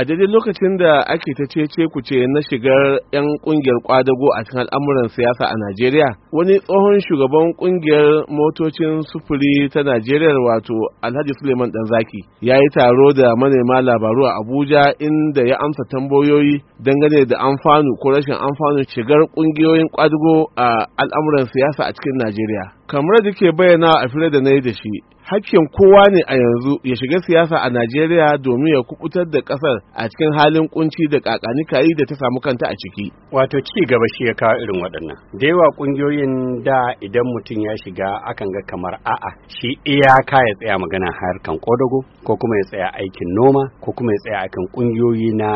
a daidai lokacin da ake ta cece ce na shigar 'yan kungiyar kwadago a cikin al'amuran siyasa a najeriya wani tsohon shugaban kungiyar motocin sufuri ta najeriya wato alhaji suleiman danzaki ya yi taro da manema labaru a abuja inda ya amsa tambayoyi dangane da amfanu ko rashin amfanu shigar kungiyoyin kwadago a al'amuran siyasa a cikin najeriya kamar da ke bayyana a fira da na yi da shi hakkin kowa ne a yanzu ya shiga siyasa a Najeriya domin ya kubutar da ƙasar a cikin halin kunci da kakanikayi da ta samu kanta a ciki. Wato ci gaba shi ya kawo irin waɗannan. Da yawa ƙungiyoyin da idan mutum ya shiga akan ga kamar a'a shi iyaka ya tsaya magana harkan kodago ko kuma ya tsaya aikin noma ko kuma ya tsaya akan ƙungiyoyi na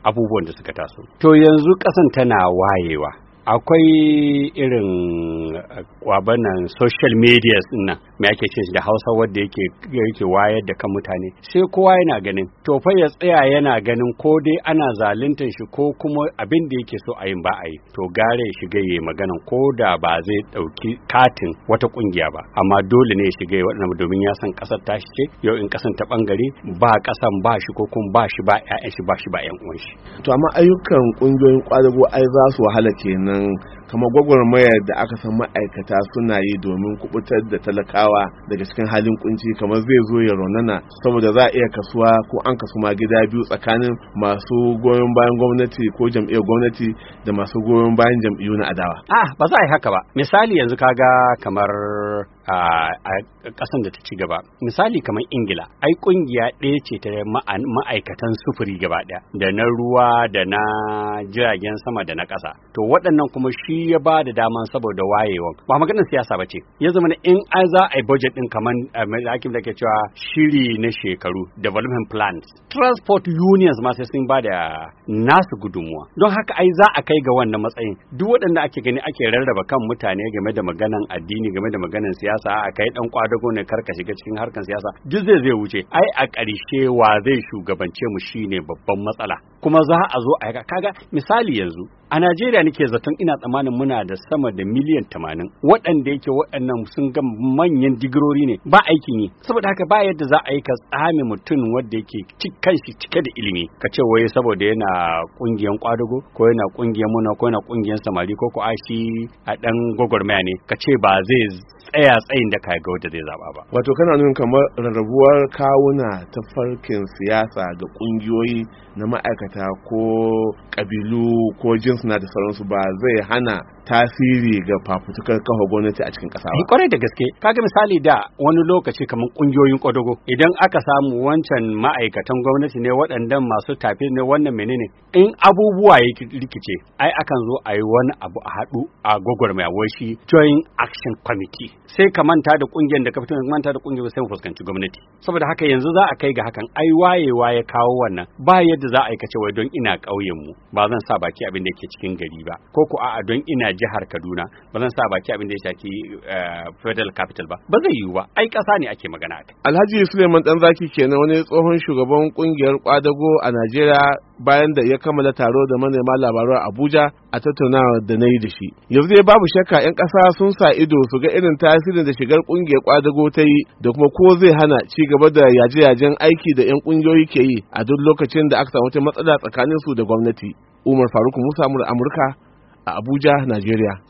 abubuwan da suka taso. To yanzu ƙasan tana wayewa. akwai irin eh, kwabanan social media nan me ake ce da hausa wadda yake wayar da kan mutane sai kowa yana ganin to fa ya tsaya yana ganin ko dai ana zaluntar shi ko kuma abin da yake so a yin ba a yi to gare shiga ya maganan ko da ba zai dauki katin wata kungiya ba amma dole ne ya shiga yayi domin ya san kasar tashi ce yau in kasan ta bangare ba kasan ba shi ko kuma ba shi ba ƴaƴan shi ba shi ba ƴan uwan shi to amma ayyukan kungiyoyin kwadago ai za su wahala kenan ng kamar gwagwarmayar da aka san ma'aikata suna yi domin kubutar da talakawa daga cikin halin kunci kamar zai zo ya raunana saboda za a iya kasuwa ko an kasu ma gida biyu tsakanin masu goyon bayan gwamnati ko jam'iyyar gwamnati da masu goyon bayan jam'iyyu na adawa ah ba za a yi haka ba misali yanzu kaga kamar ah, a kasan da ta ci gaba misali kamar ingila ai kungiya ɗaya ce ta ma'aikatan sufuri gaba ɗaya da na ruwa da na jiragen sama da na ƙasa to waɗannan kuma shi shi ya ba da dama saboda wayewa ba maganar siyasa ba ce ya zama in an za a yi budget din kamar eh, hakim da ke cewa shiri na shekaru development plans transport unions ma sai sun ba da nasu gudunmuwa don haka ai za a kai ga wannan matsayin duk waɗanda ake gani ake rarraba kan mutane game da maganan addini game da maganan siyasa a kai dan kwadago ne karka shiga cikin harkan siyasa duk zai zai wuce ai a ƙarshe wa zai shugabance mu shine babban matsala kuma za a zo a kaga misali yanzu a Najeriya nake zaton ina tsammanin muna da sama da miliyan tamanin waɗanda yake waɗannan sun ga manyan digirori ne ba aikin yi saboda haka ba yadda za a yi ka tsami mutum wanda yake cikin shi cike da ilimi ka ce wai saboda yana ƙungiyar kwadugo ko yana ƙungiyar muna ko yana ƙungiyar samari ko ko a ɗan gwagwarmaya ne ka ce ba zai tsaya tsayin da kaga wanda zai zaba ba wato kana nuna kamar rarrabuwar kawuna ta farkin siyasa ga ƙungiyoyi na ma'aikata mata ko Kabilu ko jinsuna da sauransu ba zai hana tasiri ga fafutukar kafa gwamnati a cikin kasa. Ni kwarai da gaske kaga misali da wani lokaci kamar ƙungiyoyin ƙwadago idan aka samu wancan ma'aikatan gwamnati ne waɗannan masu tafi ne wannan menene in abubuwa ya rikice ai akan zo a yi wani abu a haɗu a gogor mai washi join action committee sai ka manta da ƙungiyar da ka fito manta da ƙungiyar sai fuskanci gwamnati saboda haka yanzu za a kai ga hakan ai waye ya kawo wannan ba yadda za a aikace wai don ina ƙauyenmu. mu ba zan sa baki abin da yake cikin gari ba ko ko a'a don ina jihar Kaduna ba zan sa baki abin da ya shaki eh, federal capital ba ba zai yiwu ba ai ƙasa ne ake magana akai Alhaji Suleiman Danzaki kenan wani tsohon shugaban kungiyar kwadago a Najeriya bayan da ya kammala taro da manema labaru a Abuja a tattaunawa da na yi da shi yanzu dai babu shakka 'yan ƙasa sun sa ido su ga irin tasirin da shigar kungiyar kwadago ta yi da kuma ko zai hana ci gaba da yaje-yajen aiki da 'yan kungiyoyi ke yi a duk lokacin da aka samu wata matsala tsakanin su da gwamnati umar faruk musa amurka a Abuja, Najeriya.